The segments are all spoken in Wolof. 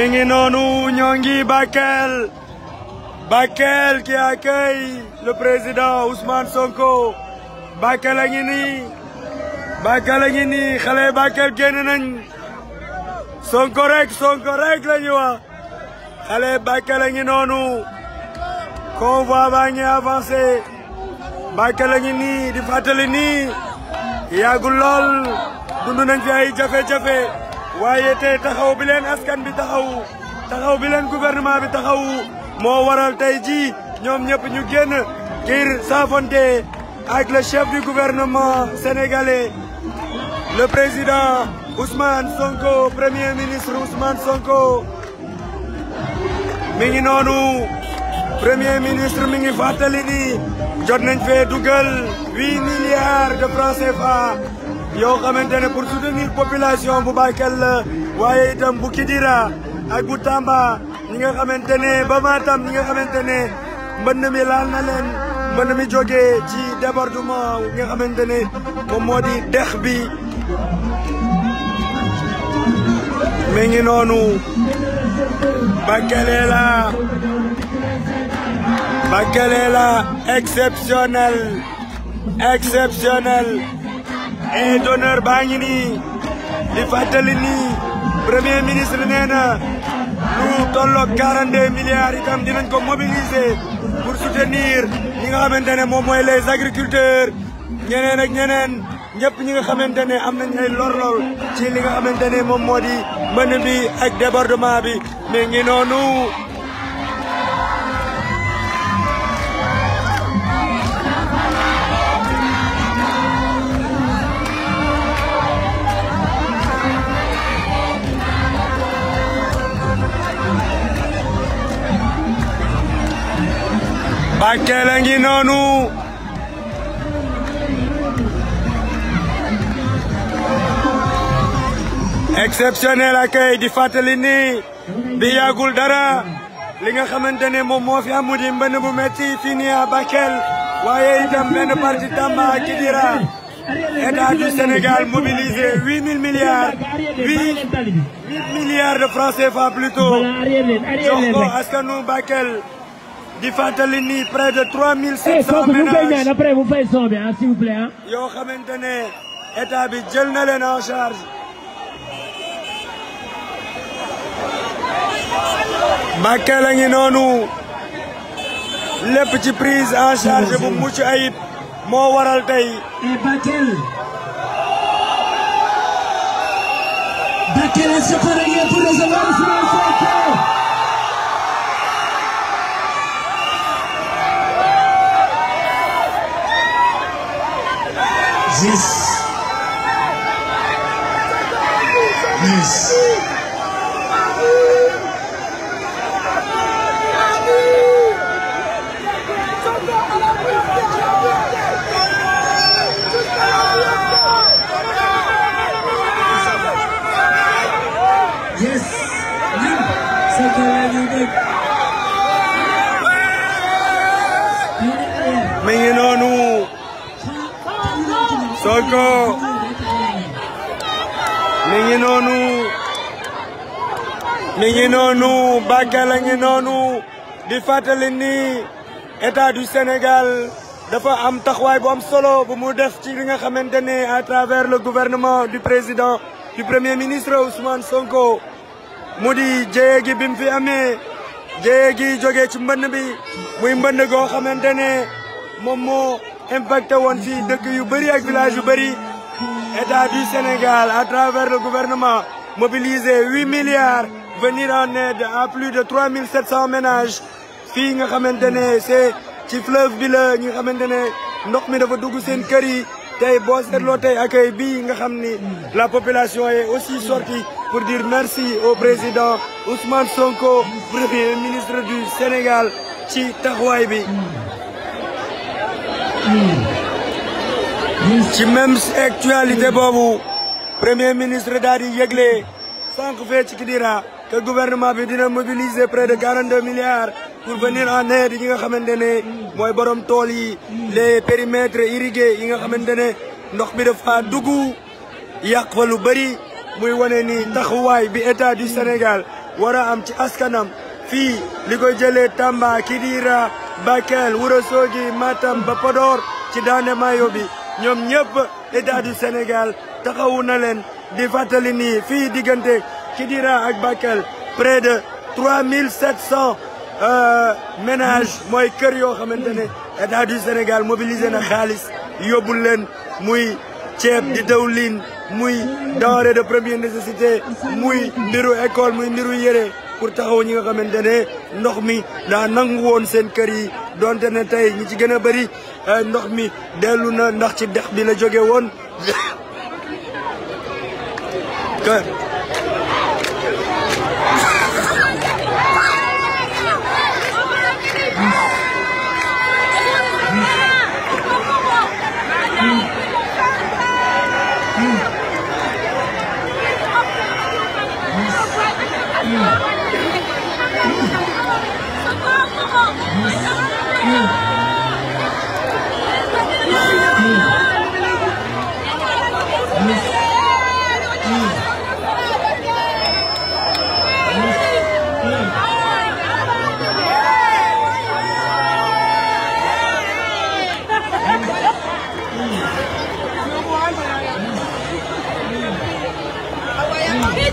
mi ngi noonu ñoo ngi Bakel Bakel qui accueille le président Ousmane Sonko Bakel a ngi nii Bakel a ngi nii xale Bakel génn nañ Sonko rek Sonko rek la ñu wax Bakel a ngi noonu convoi baa ngi avancé Bakel a ngi nii di fàttali nii yàggul lool dund nañ fi ay jafe-jafe waaye tey taxaw bi askan bi taxawu taxaw bi leen gouvernement bi taxawu moo waral tey ji ñoom ñëpp ñu génn ngir saafonte ak le chef du gouvernement sénégalais le président Ousmane Sonko premier ministre Ousmane Sonko mi ngi noonu premier ministre mi ngi fàttali ni jot nañ fee dugal huit milliards de francs CFA yoo xamante ne pour soutenir population bu Bakel la waaye itam bu Kidira ak bu Tamba ñi nga xamante ne ba Matam ñi nga xamante ne mbënd mi laal na leen mbënd mi jógee ci débordement nga xamante ne moom moo di dex bi mi ngi noonu Bakel la Bakel la exceptionnel exceptionnel et eh, d'honneur baa ngi nii di fàttali nii premier ministre nee na lu tolloog 42 milliards itam dinañ ko mobiliser pour soutenir ñi nga xamante ne moom mooy les agriculteurs ñeneen ak ñeneen ñëpp ñi nga xamante ne am nañ ay lor-lor ci nga xamante ne moom moo di mbënn bi ak débordement bi mais ngi noonu Bakel ngi noonu exceptionnel accueil di fàttali ni bi yàggul dara li nga xamante ne moom moo fi amu di mbënn bu metti fii nii waaye itam benn parti Tamba ak Kidira État du Sénégal mobilisé huit mille huit mille milliards de francs CFA plutôt jox ko askanu di fàttali ni près de trois mille cinq cent mu après vous faites son bien s'il vous plaît hein. yoo xamante ne état bi jël na leen charge. Bakel noonu lépp ci prise en charge bu mucc ayib moo waral tey. et Bakel. Bakel est ce qu'on a pour recevoir existe. Isso. Koko mi ngi noonu mi ngi noonu Bakel ngi noonu di fàttali ni état du Sénégal dafa am taxawaay bu am solo bu mu def ci li nga xamante ne à travers le gouvernement du président du premier ministre Ousmane Sonko mu di jéye gi bi fi amee jéye gi jógee ci mbënn bi muy mbënn goo xamante ne moom moo impacté woon si dëkk yu bëri ak village yu bëri état du Sénégal à travers le gouvernement mobilisé huit milliards venir en aide à plus de trois mille sept cent ménages fii nga xamante ne ci fleuve bi la ñi nga xamante ne ndox mi dafa dugg seen kër yi tey boo seetloo tey accueil bii nga xam ni la population est aussi sortie pour dire merci au président Ousmane Sonko premier ministre du Sénégal ci taxawaay bi ci même actualité boobu premier ministre daal di yëgle sànq fee ci Kidira que gouvernement bi dina mobiliser près de 42 milliards pour venir en aide yi nga xamante ne mooy borom tool yi les périmètres irrigués yi nga xamante ne ndox bi dafa dugg yàq fa lu bëri muy wane ni taxawaay bi état du Sénégal war a am ci askanam fii li koy jëlee Tamba Kidira Bakel Ourossogui Matam ba Podor ci daane maayo bi ñoom ñëpp état du Sénégal taxawu na leen di fàttali nii fii diggante Kidira ak Bakel près de 3700 euh, ménages mooy kër yoo xamante ne état du Sénégal mobilisé na xaalis yóbbul leen muy ceeb di dawlin muy denrée de première nécessité muy mbiru école muy mbiru yére pour taxaw ñi nga xamante ne ndox mi daa nangu woon seen kër yi donte na tey ñi ci gën a bëri eh, ndox mi dellu na ndax ci dex bi la jóge woon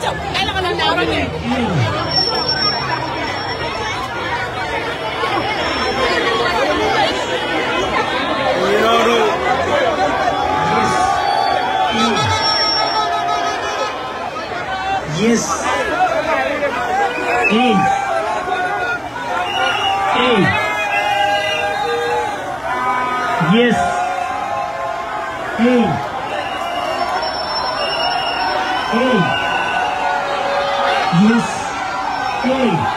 Kailangan ng naroon eh. yes eh eh yes yes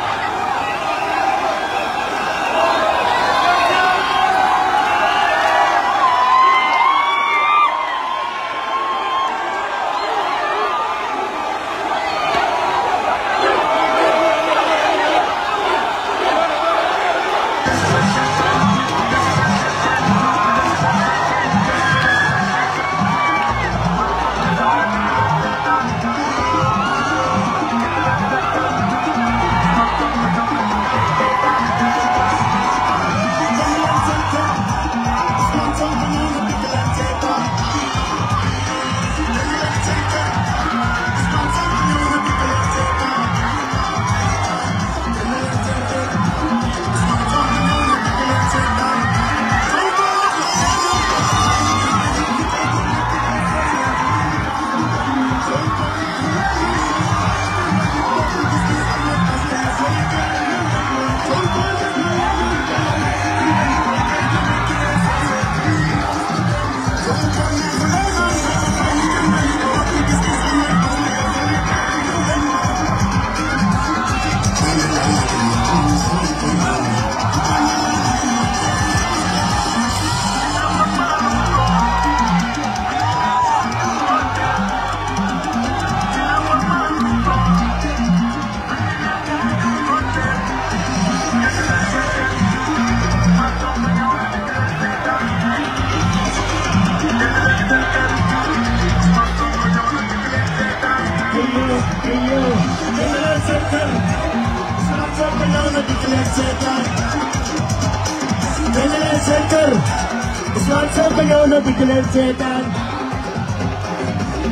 seetaan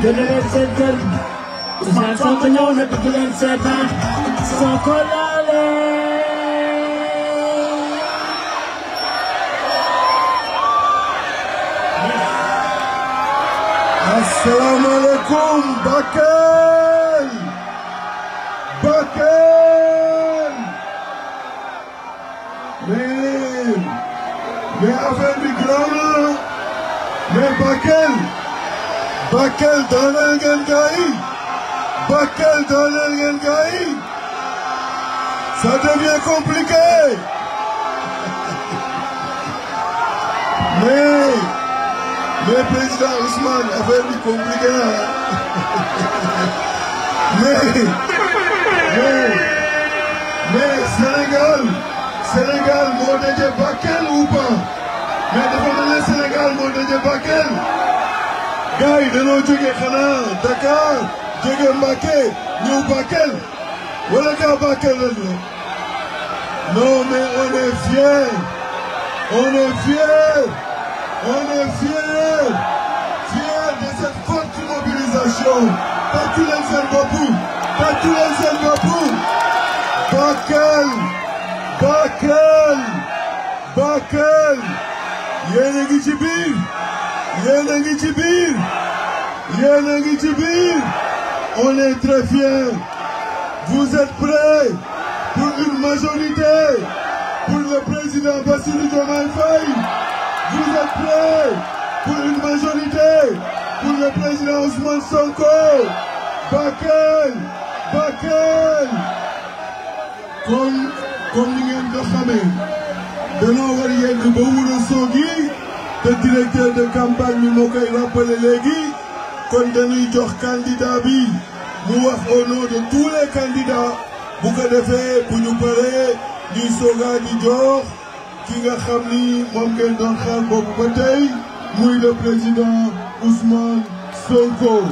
jënd leen seen kër Ousmane Sonko ñëw na dugg leen seetaan Sonko laale asalaamaaleykum Bakel Bakel dooleel ngeen gaa yi Bakel dooleel ngeen gaa yi ça devient compliqué mais mais président Ousmane affaire bi compliqué na mais mais mais Sénégal moo daje Bakel ou pas mais dafa mel ne Sénégal moo daje gars yi dañoo jógee xanaa Dakar jógee Mbacké ñëw Bakel wala gaa Bakel lañu non mais on est fiers on est fiers on est fiers fiers de cette forte mobilisation tàccu leen seen bopp tàccu leen seen Bakel Bakel Bakel yéen a ngi yéen a ci biir yéen a ngi ci biir on est très fiers vous êtes prêts pour une majorité pour le président Bassirou Diomaye Faye vous êtes prêts pour une majorité pour le président Ousmane Sonko Bakel Bakel comme comme ni ngeen ko xamee dañoo war a yegg ba te directeur de campagne bi moo koy rappelé léegi kon dañuy jox candidat bi mu wax au nom de tous les candidats bu defee bu ñu paree ñuy soogaa jox ki nga xam ni moom ngeen doon xaar boobu ba tey muy le président Ousmane Sonko.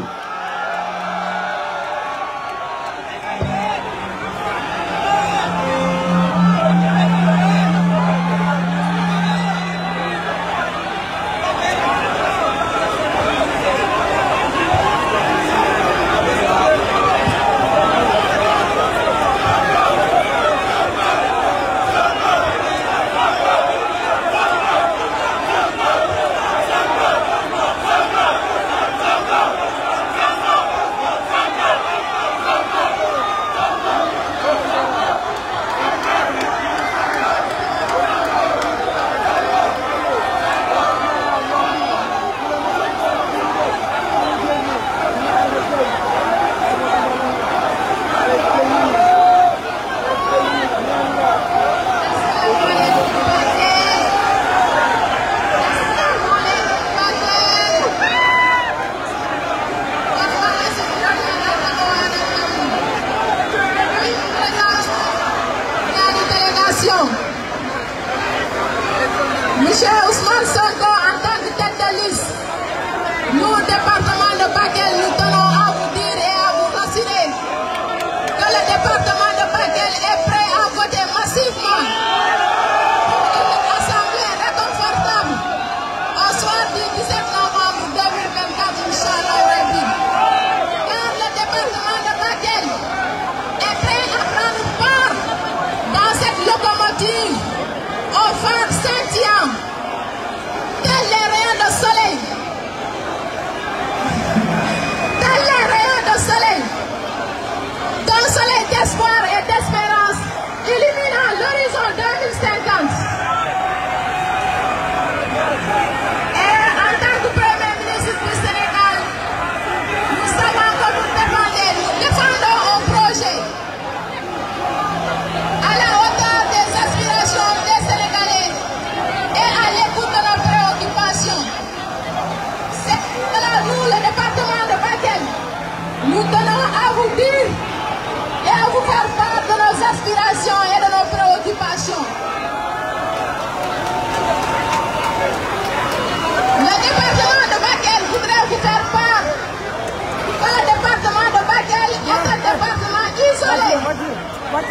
Là,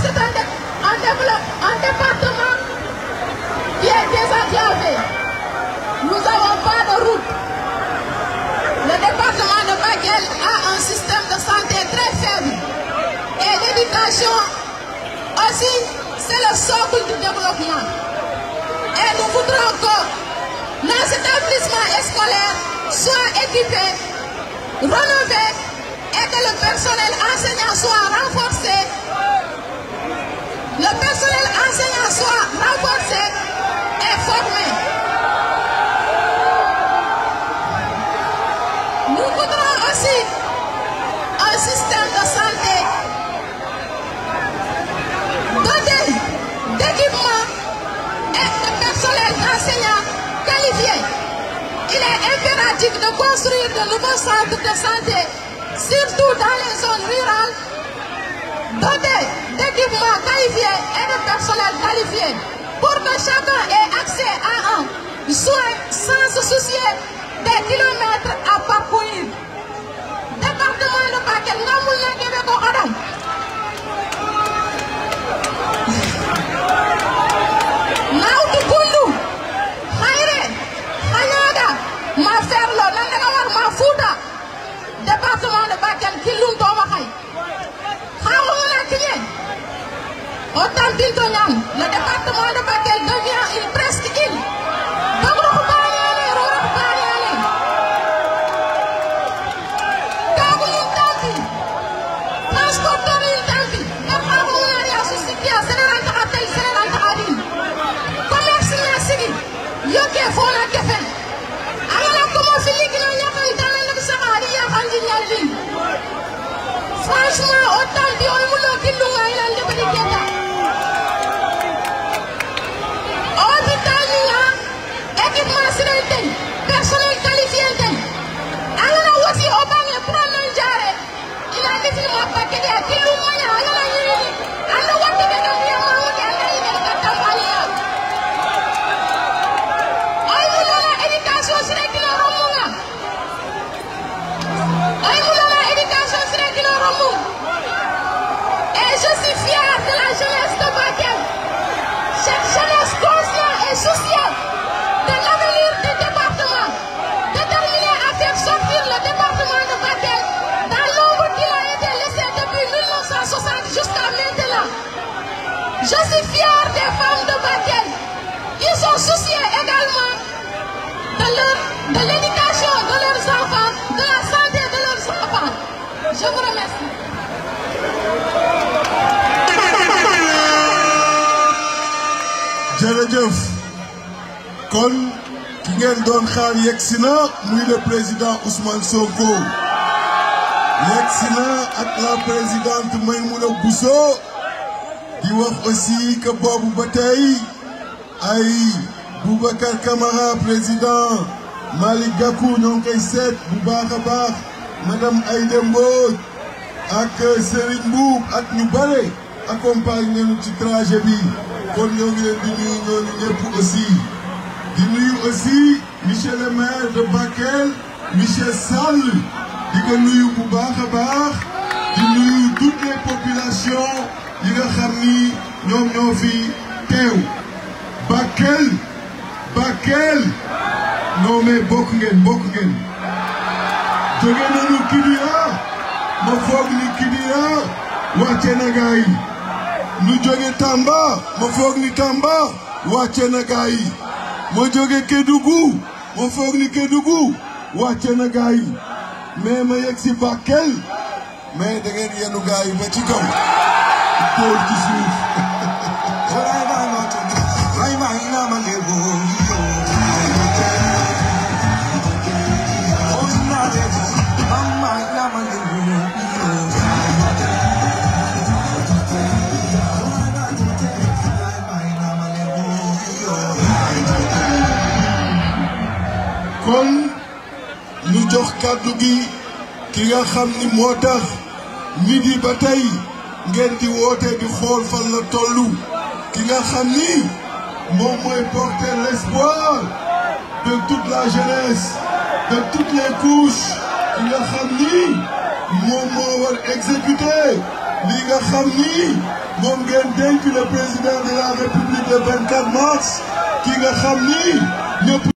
c'est un, dé un, développe, un département qui est désenclavé. Nous n'avons pas de route. Le département de Baguel a un système de santé très faible. Et l'éducation aussi, c'est le socle du développement. Et nous voudrons que nos établissements scolaires soient équipés, relevés et que le personnel enseignant soit renforcé Le personnel enseignant soit renforcé et formé. Nous voudrons aussi un système de santé doté d'équipements et de personnel enseignant qualifié. Il est impératif de construire de nouveaux centres de santé, surtout dans les zones rurales, dotés d'équipements qualifiés et de personnel qualifié pour que chacun ait accès à un soin sans se soucier des kilomètres département de Bakel nga mun na ko Odom authentiques que ñoom la def Je vous remercie. jërëjëf kon ki ngeen doon xaar yegg si na muy le président Ousmane Sonko yegg si na ak la présidente Maymouna Bousso di wax aussi que boobu ba tey ay Boubacar Camara président Malick Gakou ñoo ngi koy bu baax a baax. madame ay Mbodj ak euh, Serigne Mbuub ak ñu bare accompagné nañu ci trajet bi kon ñoo ngi leen di nuyu ñooñu ñëpp aussi di nuyu aussi monsieur le de Bakel monsieur Sall di ko nuyu bu baax a baax di nuyu toutes les yi nga xam ni ñoom ñoo fi teew Bakel Bakel non bokk ngeen bokk ngeen jóge nañu Kidira ma foog ni Kidira wàcce na gaa yi ñu jóge Tamba ma foog ni Tamba wàcce na gaa yi ma jóge Kédougou ma foog ni Kédougou wàcce na gaa yi mais ma yegg si Bakel mais da ngeen yenu gaa yi ba ci kaw dóor ci suuf. kàddu gi ki nga xam ni moo tax nit yi ba ngeen di woote di xool fan la tollu ki nga xam ni moom mooy porter l'espoir de toute la jeunesse de toutes les couches ki nga xam ni moom moo war exécuter li nga xam ni moom ngeen dénk le président de la république le 24 mars ki nga xam ni ñëpp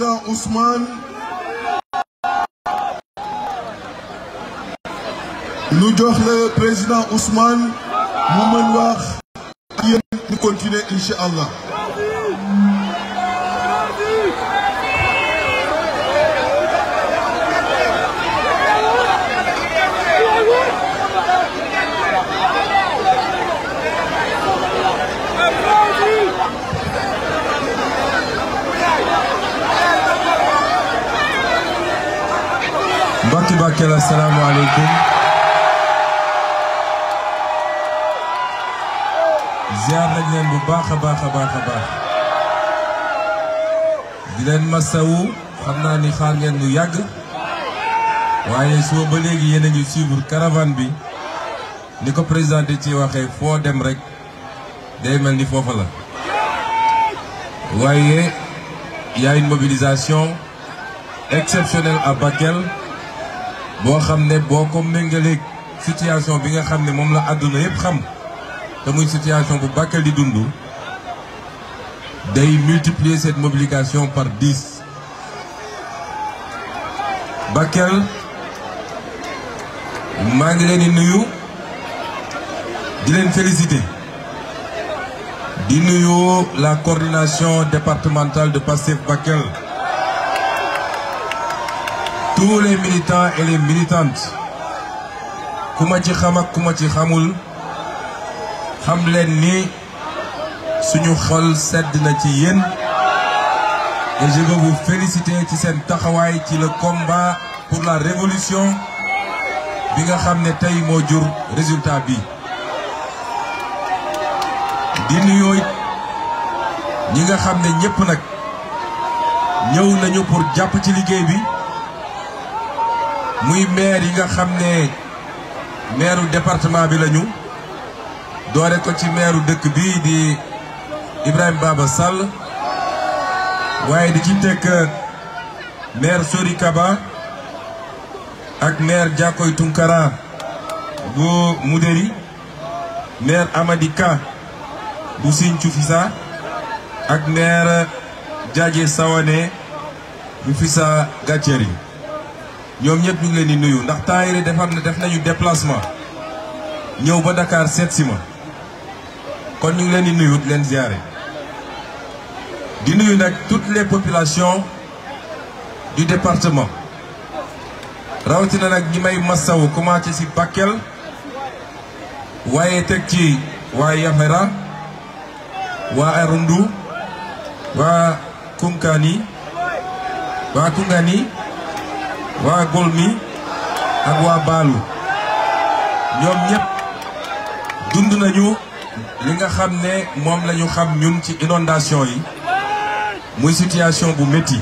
président Ousmane ñu jox le président Ousmane mu mën wax yéen ñu continuer incha allah. Bakel asalaamaaleykum ziar nañ leen bu baax a baax a xam naa ni xaar ngeen lu yàgg waaye suba ba léegi yéen a ngi suivre bi ni ko présenté ci waxee foo dem rek day mel ni foofa la waaye y a une mobilisation exceptionnelle à boo xam ne boo ko méngaleeg situation bi nga xam ne moom la àdduna yëpp xam te muy situation bu Bakel di dund day multiplier cette mobilisation par dix Bakel maa ngi leen di nuyu di leen féliciter di nuyu la coordination départementale de Pastef Bakel tous les militants et les militantes ci xam ak ku ci xamul xam leen ni suñu xol sedd na ci yéen et je veux vous ci seen taxawaay ci la combat pour la révolution bi nga xam ne tey moo jur résultat bi di nuyoo ñi nga xam ne ñëpp nag ñëw nañu pour jàpp ci liggéey bi muy maire yi nga xam ne maireu département bi lañu doore ko ci meeru dëkk bi di Ibrahima Baba Sall waaye di ci teg maire Sori ak maire Diakoy Tunkara bu Moudéri maire Amady Ka bu Sinthiou Fissa ak maire Diadje Sawane bu Fissa Gàcceer ñoom ñëpp ñu ngi leen di nuyu ndax temps yii defar na def nañu déplacement ñëw ba Dakar seet si ma kon ñu ngi leen di nuyu leen ziare. di nuyu nag toutes les populations du département rawatina nag ñi may massawu commencé ci Bakel waaye teg ci waa Yafera waa Arundu waa Kunkani waa Kungani. waa Golmi ak waa Baalu ñoom ñëpp dund nañu li nga xam ne moom la ñu xam ñun ci inondation yi muy situation bu métti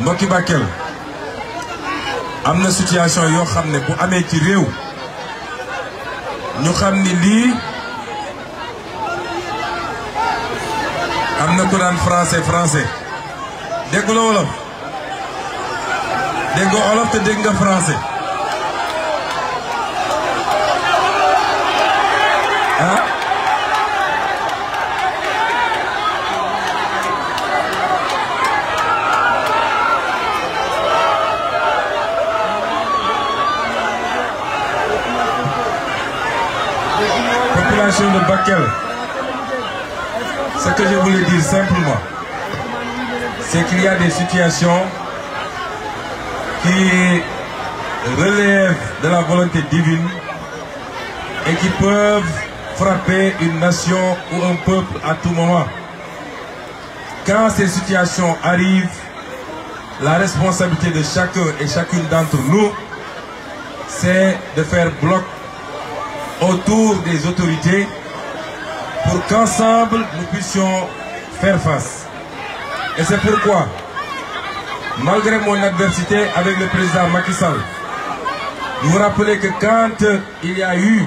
mbokki Bakel am na situation yoo xam ne bu amee ci réew ñu xam ni lii am na ku naan français français dégg la wolof dégg nga olof te dégg nga français ah population de Bakel ce que je dire simplement c'est des situations qui relèvent de la volonté divine et qui peuvent frapper une nation ou un peuple à tout moment. Quand ces situations arrivent, la responsabilité de chacun et chacune d'entre nous, c'est de faire bloc autour des autorités pour qu'ensemble nous puissions faire face. Et c'est pourquoi malgré mon adversité avec le président Macky Sall, vous rappelez que quand il y a eu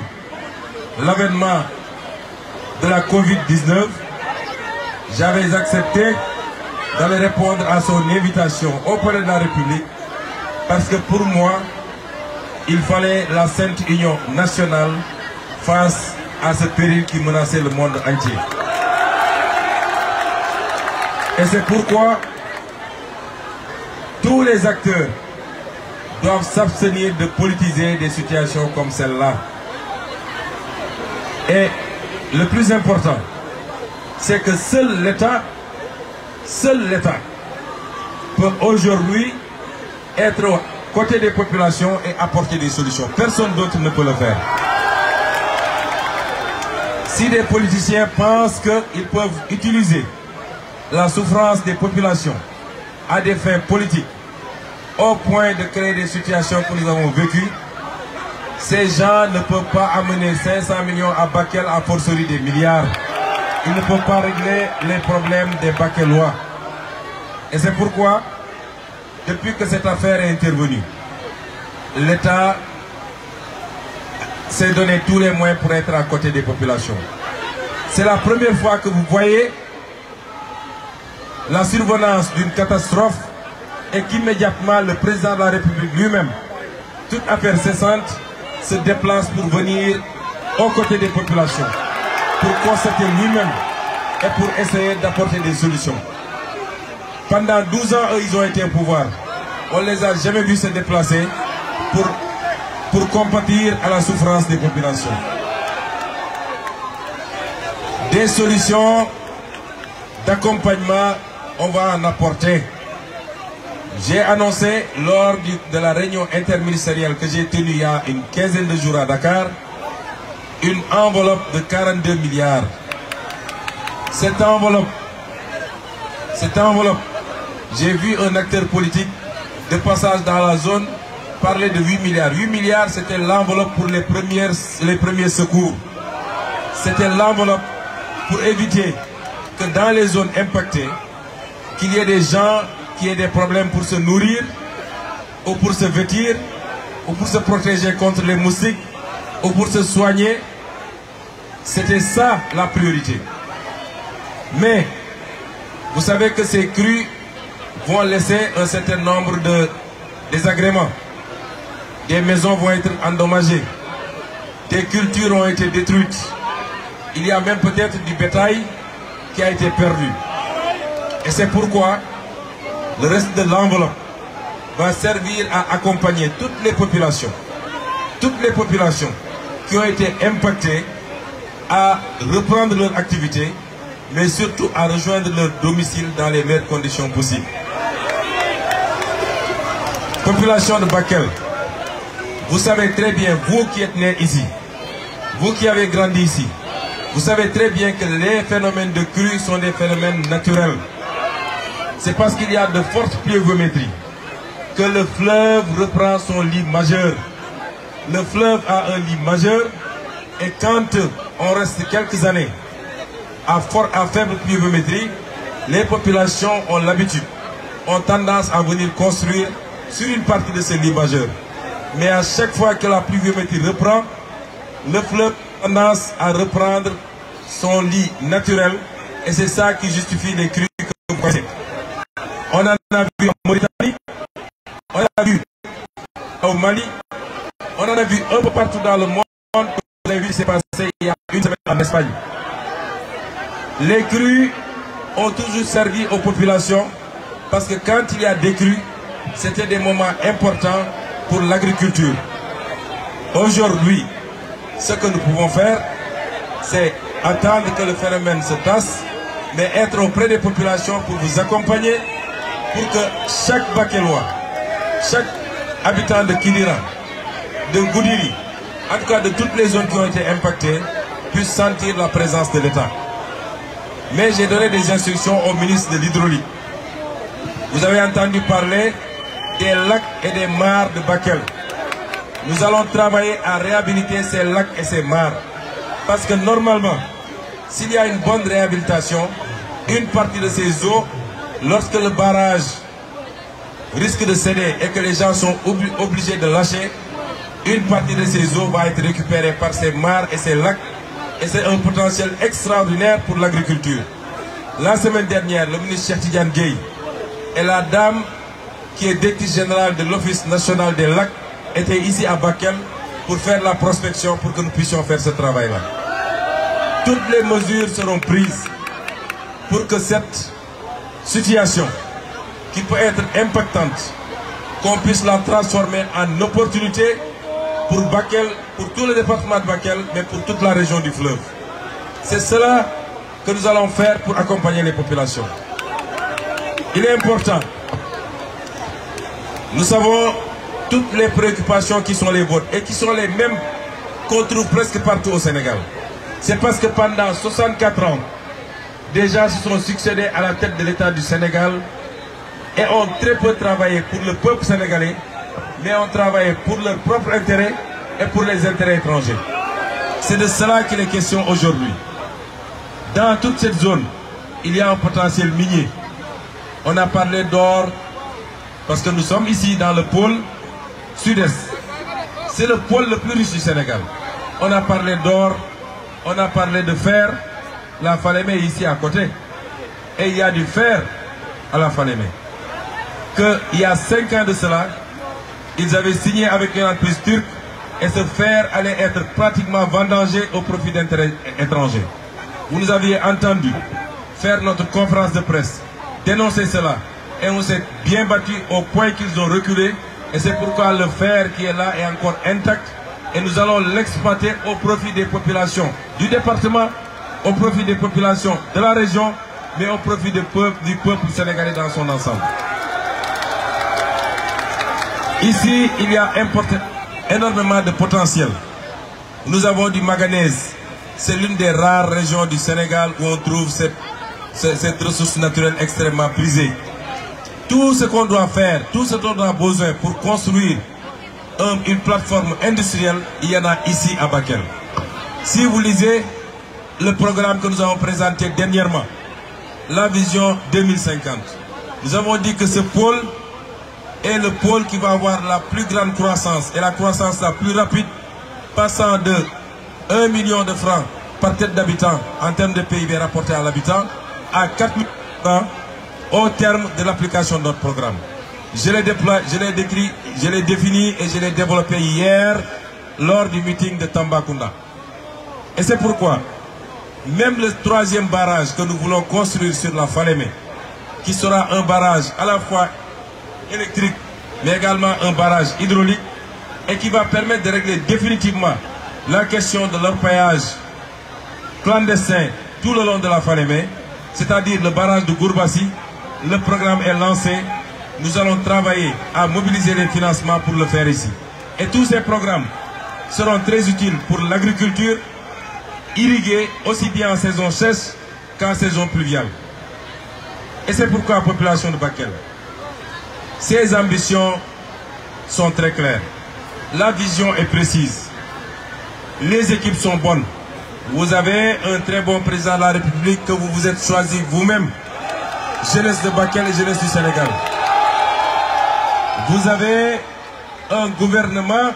l'avènement de la Covid-19, j'avais accepté d'aller répondre à son invitation au palais de la République parce que pour moi, il fallait la sainte union nationale face à ce péril qui menaçait le monde entier. Et c'est pourquoi tous les acteurs doivent s'abstenir de politiser des situations comme celle-là. Et le plus important, c'est que seul l'État, seul l'État peut aujourd'hui être aux côtés des populations et apporter des solutions. Personne d'autre ne peut le faire. Si des politiciens pensent qu'ils peuvent utiliser la souffrance des populations à des fins politiques, au point de créer des situations que nous avons vécues. Ces gens ne peuvent pas amener 500 millions à Bakel à forcerie des milliards. Ils ne peuvent pas régler les problèmes des Bakelois. Et c'est pourquoi, depuis que cette affaire est intervenue, l'État s'est donné tous les moyens pour être à côté des populations. C'est la première fois que vous voyez la survenance d'une catastrophe et qu'immédiatement le président de la République lui-même, toute affaire cessante, se déplace pour venir aux côtés des populations, pour constater lui-même et pour essayer d'apporter des solutions. Pendant 12 ans, eux, ils ont été au pouvoir. On les a jamais vus se déplacer pour, pour compatir à la souffrance des populations. Des solutions d'accompagnement, on va en apporter. J'ai annoncé lors du, de la réunion interministérielle que j'ai tenue il y a une quinzaine de jours à une enveloppe de 42 milliards. Cette enveloppe, cette enveloppe, j'ai vu un acteur politique de passage dans la zone parler de 8 milliards. 8 milliards, c'était l'enveloppe pour les, premières, les premiers secours. C'était l'enveloppe pour éviter dans les zones impactées, qu'il qui aient des problèmes pour se nourrir ou pour se vêtir ou pour se protéger contre les moustiques ou pour se soigner. C'était ça la priorité. Mais vous savez que ces crues vont laisser un certain nombre de désagréments. Des maisons vont être endommagées. Des cultures ont été détruites. Il y a même peut-être du bétail qui a été perdu. Et c'est pourquoi le reste de l'enveloppe va servir à accompagner toutes les populations, toutes les populations qui ont été impactées à reprendre leur activité, mais surtout à rejoindre leur domicile dans les meilleures conditions possibles. Population de Bakel, vous savez très bien, vous qui êtes nés ici, vous qui avez grandi ici, vous savez très bien que les phénomènes de crue sont des phénomènes naturels. c'est parce qu'il y a de fortes pluviométries que le fleuve reprend son lit majeur. Le fleuve a un lit majeur et quand on reste quelques années à, fort, à faible pluviométrie, les populations ont l'habitude, ont tendance à venir construire sur une partie de ce lit majeur. Mais à chaque fois que la pluviométrie reprend, le fleuve a tendance à reprendre son lit naturel et c'est ça qui justifie les crues On a vu en Mauritanie, un peu partout dans le monde. Vous avez vu s'est passé il y a une semaine en Espagne. Les crues ont toujours servi aux populations parce que quand il y a des crues, c'était des moments importants pour l'agriculture. Aujourd'hui, ce que nous pouvons faire, c'est attendre que le phénomène se tasse, mais être auprès des populations pour vous accompagner pour que chaque Bakelois, chaque habitant de Kidira, de Goudiri, en de toutes les zones qui ont été impactées, puisse sentir la présence de l'État. Mais j'ai donné des instructions au ministre de l'Hydraulique. Vous avez entendu parler des lacs et des mares de Bakel. Nous allons travailler à réhabiliter ces lacs et ces mares. Parce que normalement, s'il y a une bonne réhabilitation, une partie de ces eaux lorsque le barrage risque de céder et que les gens sont obli obligés de lâcher, une partie de ces eaux va être récupérée par ces mares et ces lacs et c'est un potentiel extraordinaire pour l'agriculture. La semaine dernière, le ministre Cheikh Tidiane Gueye et la dame qui est directrice générale de l'Office national des lacs étaient ici à Bakel pour faire la prospection pour que nous puissions faire ce travail-là. Toutes les mesures seront prises pour que cette situation qui peut être impactante, la transformer en opportunité pour Bakel, pour tout le département de Bakel, mais la région du fleuve. C'est cela que nous allons faire pour accompagner les populations. Il important. Nous savons les préoccupations qui sont les vôtres et qui sont les mêmes qu'on trouve presque partout parce que pendant 64 ans, des gens se sont succédés à la tête de l'État du Sénégal et ont très peu travaillé pour le peuple sénégalais, mais ont travaillé pour leur propre intérêt et pour les intérêts étrangers. C'est de cela qu'il est question aujourd'hui. Dans toute cette zone, il y a un potentiel minier. On a parlé d'or parce que nous sommes ici dans le pôle sud-est. C'est le pôle le plus riche du Sénégal. On a parlé d'or, on a parlé de fer, La Falémé est ici à côté. Et il y a du fer à la Qu'il y a cinq ans de cela, ils avaient signé avec une entreprise turque et ce fer allait être pratiquement vendangé au profit d'intérêts étrangers. Vous nous aviez entendu faire notre conférence de presse, dénoncer cela. Et on s'est bien battu au point qu'ils ont reculé. Et c'est pourquoi le fer qui est là est encore intact. Et nous allons l'exploiter au profit des populations du département au profit des populations de la région, mais au profit du peuple, du peuple sénégalais dans son ensemble. Ici, il y a énormément de potentiel. Nous avons du manganèse. C'est l'une des rares régions du Sénégal où on trouve cette, cette ressource naturelle extrêmement prisée. Tout ce qu'on doit faire, tout ce dont on a besoin pour construire une plateforme industrielle, il y en a ici à Bakel. Si vous lisez le programme que nous avons présenté dernièrement, la vision 2050. Nous avons dit que ce pôle est le pôle qui va avoir la plus grande croissance et la croissance la plus rapide, passant de 1 million de francs par tête d'habitant en termes de PIB rapporté à l'habitant à 4 de francs au terme de l'application de notre programme. Je l'ai je l'ai décrit, je l'ai défini et je l'ai développé hier lors du meeting de Tambacounda. Et c'est pourquoi Même le troisième barrage que nous voulons construire sur la Falémé, qui sera un barrage à la fois électrique, mais également un barrage hydraulique, et qui va permettre de régler définitivement la question de l'orpaillage clandestin tout le long de la Falémé, c'est-à-dire le barrage de Gourbassi. Le programme est lancé. Nous allons travailler à mobiliser les financements pour le faire ici. Et tous ces programmes seront très utiles pour l'agriculture, irrigués aussi bien en saison sèche qu'en saison pluviale. Et c'est pourquoi population de Bakel, ses ambitions sont très claires. La vision est précise. Les équipes sont bonnes. Vous avez un très bon président de la République que vous vous êtes choisi vous-même. Jeunesse de Bakel et jeunesse du Sénégal. Vous avez un gouvernement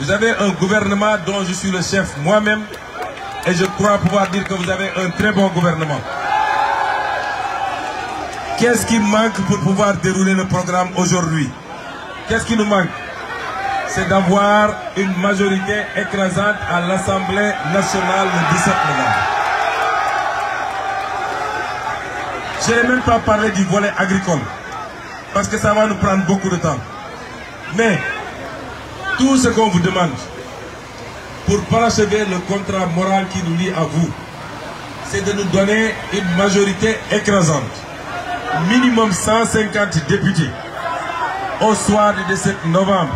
Vous avez un gouvernement dont je suis le chef moi-même et je crois pouvoir dire que vous avez un très bon gouvernement. Qu'est-ce qui manque pour pouvoir dérouler le programme aujourd'hui Qu'est-ce qui nous manque C'est d'avoir une majorité écrasante à l'Assemblée nationale le Je n'ai même pas parlé du volet agricole, parce que ça va nous prendre beaucoup de temps. Mais tout ce qu'on vous demande pour parachever le contrat moral qui nous lie à vous, c'est de nous donner une majorité écrasante, minimum 150 députés, au soir de 17 novembre,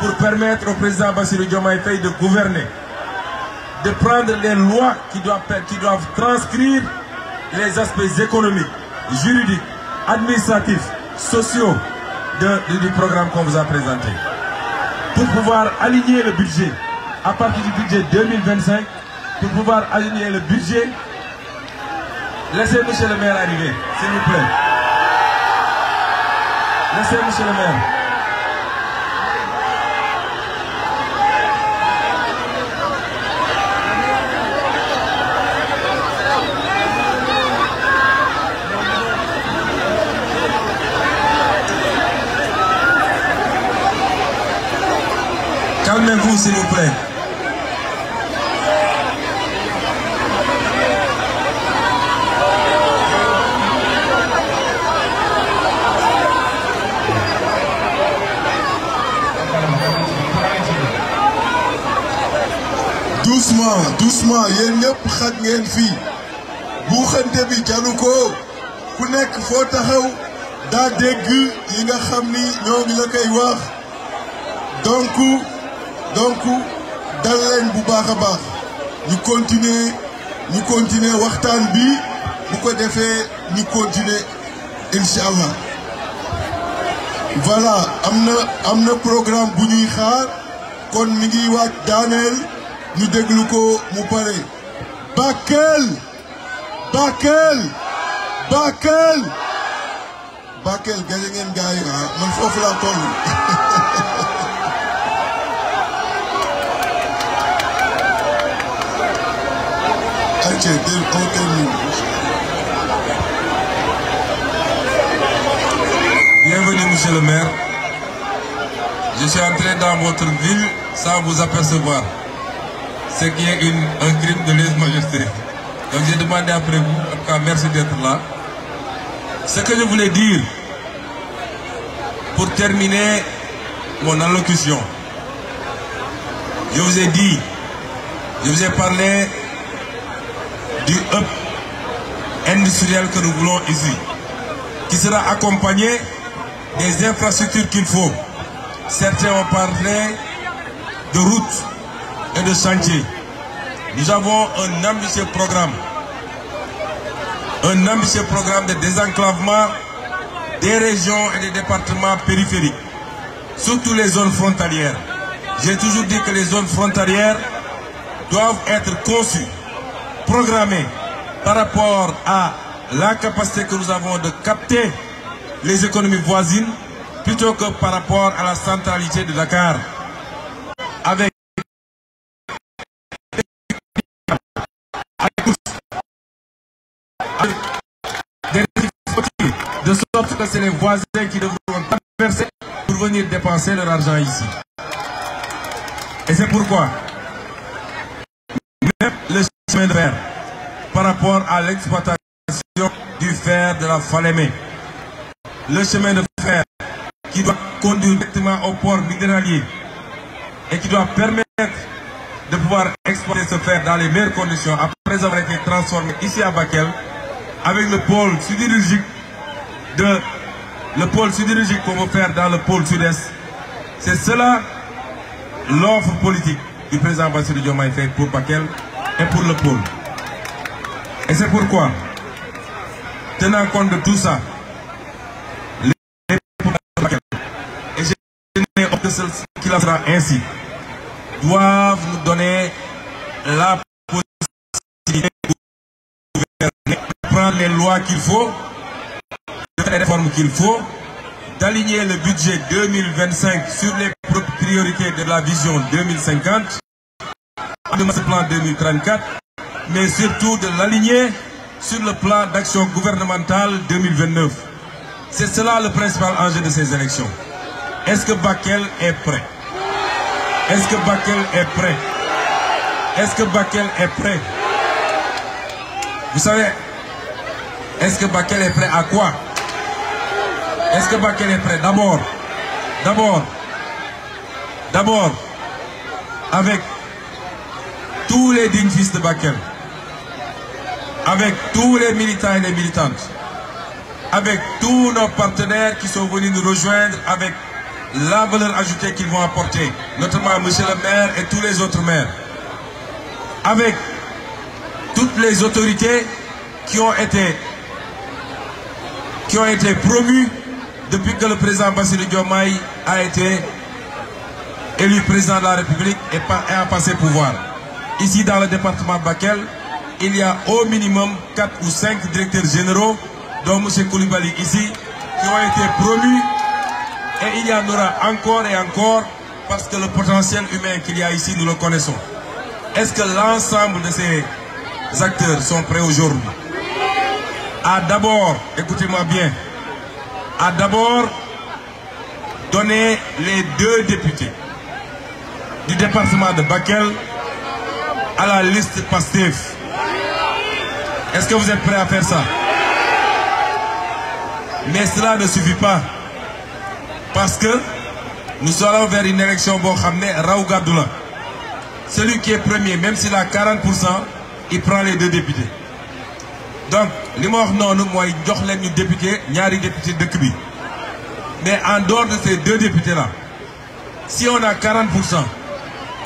pour permettre au président Bassirou Diomaye Faye de gouverner, de prendre les lois qui doivent, qui doivent transcrire les aspects économiques, juridiques, administratifs, sociaux de, de, du programme qu'on vous a présenté. pour pouvoir aligner le budget à partir du budget 2025 pour pouvoir aligner le budget. Laissez monsieur le maire arriver, s'il vous plaît. Laissez monsieur le maire. Calmez-vous, s'il vous plaît. doucement doucement yéen ñëpp xaj ngeen fii buuxante bi jaru ko ku nekk foo taxaw daa dégg yi nga xam ni ñoo ngi la koy wax donc donc dal bu baax a baax ñu continuer ñu continuer waxtaan bi bu ko defee ñu continuer incha allah voilà am na am na programme bu ñuy xaar kon mi ngi waaj daaneel ñu déglu ko mu pare Bakel Bakel Bakel Bakel gaje ngeen gars yi ah, man foofu laa toll gerçekten kontenliymiş. Bienvenue, monsieur le maire. Je suis entré dans votre ville sans vous apercevoir. Ce qui est une, un crime de lèse-majesté. Donc j'ai demandé après vous, en tout cas là. Ce que je voulais dire, pour terminer mon allocution, je vous ai dit, je vous ai parlé du hub industriel que nous voulons ici, qui sera accompagné des infrastructures qu'il faut. Certains ont parlé de routes et de chantiers. Nous avons un ambitieux programme de désenclavement des régions et des départements périphériques, surtout les zones frontalières. J'ai toujours dit que les zones frontalières doivent être conçues programmée par rapport à la capacité que nous avons de capter les économies voisines plutôt que par rapport à la centralité de Dakar. Avec des de sorte que c'est les voisins qui devront traverser pour venir dépenser leur argent ici. Et c'est pourquoi chemin de fer par rapport à l'exploitation du fer de la Falémé. Le chemin de fer qui doit conduire minéralier et qui doit permettre de pouvoir exploiter ce fer dans les meilleures conditions après avoir été transformé ici à Bakel avec le pôle sidérurgique de le pôle sidérurgique qu'on veut dans le pôle sud-est. C'est cela l'offre politique du président Bassirou Diomaye Faye pour Bakel. et pour le pôle. Et c'est pourquoi, tenant compte de tout ça, les et j'ai qui la sera ainsi, doivent nous donner la possibilité de gouverner, de prendre les lois qu'il faut, de faire réformes qu'il faut, d'aligner le budget 2025 sur les priorités de la vision 2050, de ce plan 2034, mais surtout de l'aligner sur le plan d'action gouvernementale 2029. C'est cela le principal enjeu de ces élections. Est-ce que Bakel est que Bakel est prêt Est-ce que Bakel est prêt est-ce que Bakel est prêt à quoi Est-ce que Bakel est prêt D'abord, d'abord, d'abord, avec tous les dignes fils de Bakel, avec tous les militants et les militantes, avec tous nos partenaires qui sont venus nous rejoindre, avec la valeur ajoutée qu'ils vont apporter, notamment M. le maire et tous les autres maires, avec toutes les autorités qui ont été, qui ont promues depuis que le président Bassirou Diomaye a été élu président de la République et, par, et a passé pouvoir. Ici, dans le département Bakel, il y a au minimum 4 ou directeurs généraux, dont M. Koulibaly ici, qui ont été promus. Et il y en aura encore et encore, parce que le potentiel humain qu'il y a ici, nous le connaissons. Est-ce que l'ensemble de ces acteurs sont prêts aujourd'hui À d'abord, écoutez-moi bien, à d'abord donner les deux députés du département de Bakel à la liste PASTEF. Est-ce que vous êtes prêts à faire ça Mais cela ne suffit pas. Parce que nu allons vers une élection boo xam ne raw gàddu la celui qui premier même s'il a 40 pour cent il prend les deux députés donc li ma wax noonu mooy jox leen ñu député ñaari député dëkk bi mais en dehors de ces deux députés là si on a pour cent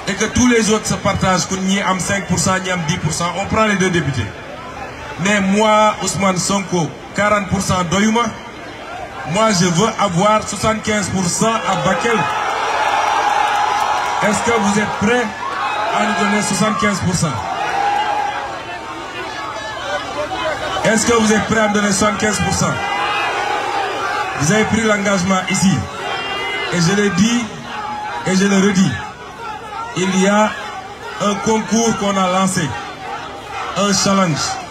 et que tous les autres se partagent, qu'on y am 5%, ni am 10%, on prend les deux députés. Mais moi, Ousmane Sonko, 40% d'Oyuma, moi je veux avoir 75% à Bakel. Est-ce que vous êtes prêts à nous donner 75% Est-ce que vous êtes prêts à me donner 75% Vous avez pris l'engagement ici. Et je l'ai dit et je le redis. il y a un concours qu'on un challenge.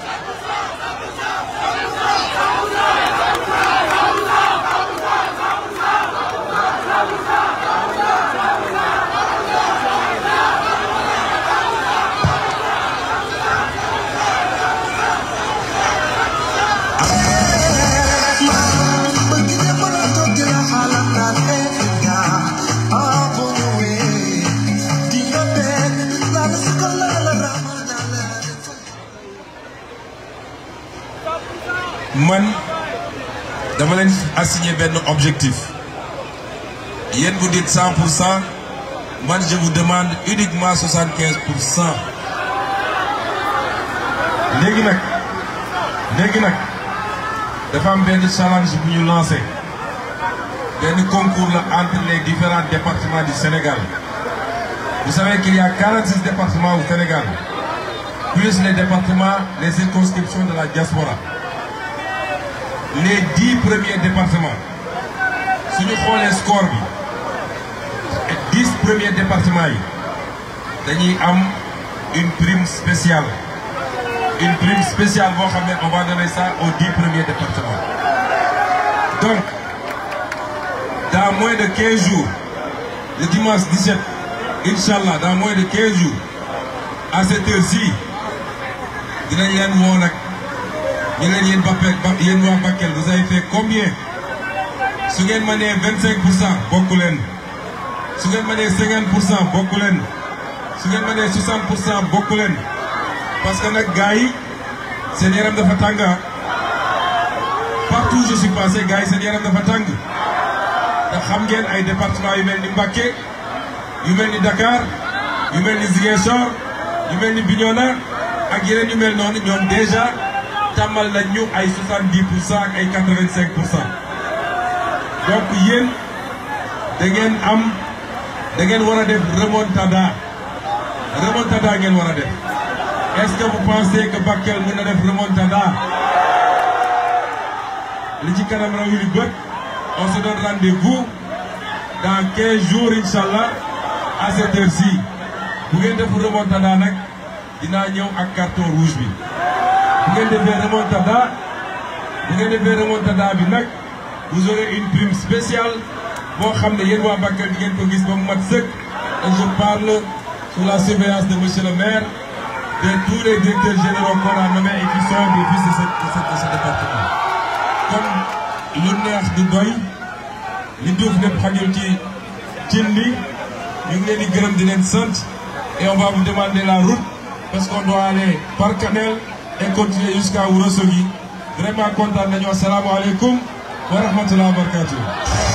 man dama leen assigner benn objectif yéen vous dites cent pour cent man je vous demande uniquement soixante quinze pour cent léegi nag léegi nag dafa am benn challenge bu ñu lancé benn concours la entre les différents départements du Sénégal vous savez qu'il y a 46 départements au Sénégal plus les départements les circonscriptions de la diaspora les dix premiers départements suñu xoolee score bi dix premiers départements yi dañuy am une prime spéciale une prime spéciale boo xam ne on va donner ça aux dix premiers départements donc dans moins de quinze jours le dimanche 17 incha allah dans moins de quinze jours à ci dinañ leen woo nag ñu leen yéen Bakel yéen waa Bakel vous avez fait combien su ngeen ma nee 25 pour cent leen su ngeen ma nee 50 pour cent bokku leen su ngeen ma nee 60 parce que nag gars yi seen yaram dafa tànga ah. partout je suis passé gars yi seen yaram dafa tàng te xam ngeen ay département yu mel ni Mbacké yu mel ni Dakar yu mel ni Ziguinchor yu mel ni Bignona ak yeneen yu mel noonu ñoom déjà. tàmmal nañ ñu ay 70 pour cent ay 85 pour cent donc yéen da ngeen am da ngeen war a def remontada remontada ngeen war a def est-ce que vous pensez que Bakel mën na def remontada li ci kanam raw yu bët on se donne rendez-vous dans 15 jours incha allah à cette heure bu ngeen def remontada nag dinaa ñëw ak carton rouge bi. bu ngeen defee remontada bu ngeen defee remontada bi nag vous aurez une prime boo xam ne yéen waa Bakel di ngeen ko gis ba mu mat sëkk et je parle sous la surveillance de monsieur le maire de tous les directeurs généraux qu'on a nommés et qui sont des vices de ce kon lu neex di li duuf lépp xajul ci cin li ñu ngi di gërëm di leen sant et on va vous demander la route parce qu'on et continuer jusqu'à Ourossogui vraiment kontaan nañu asalaamaaleykum wa rahmatulah wa barakaatu.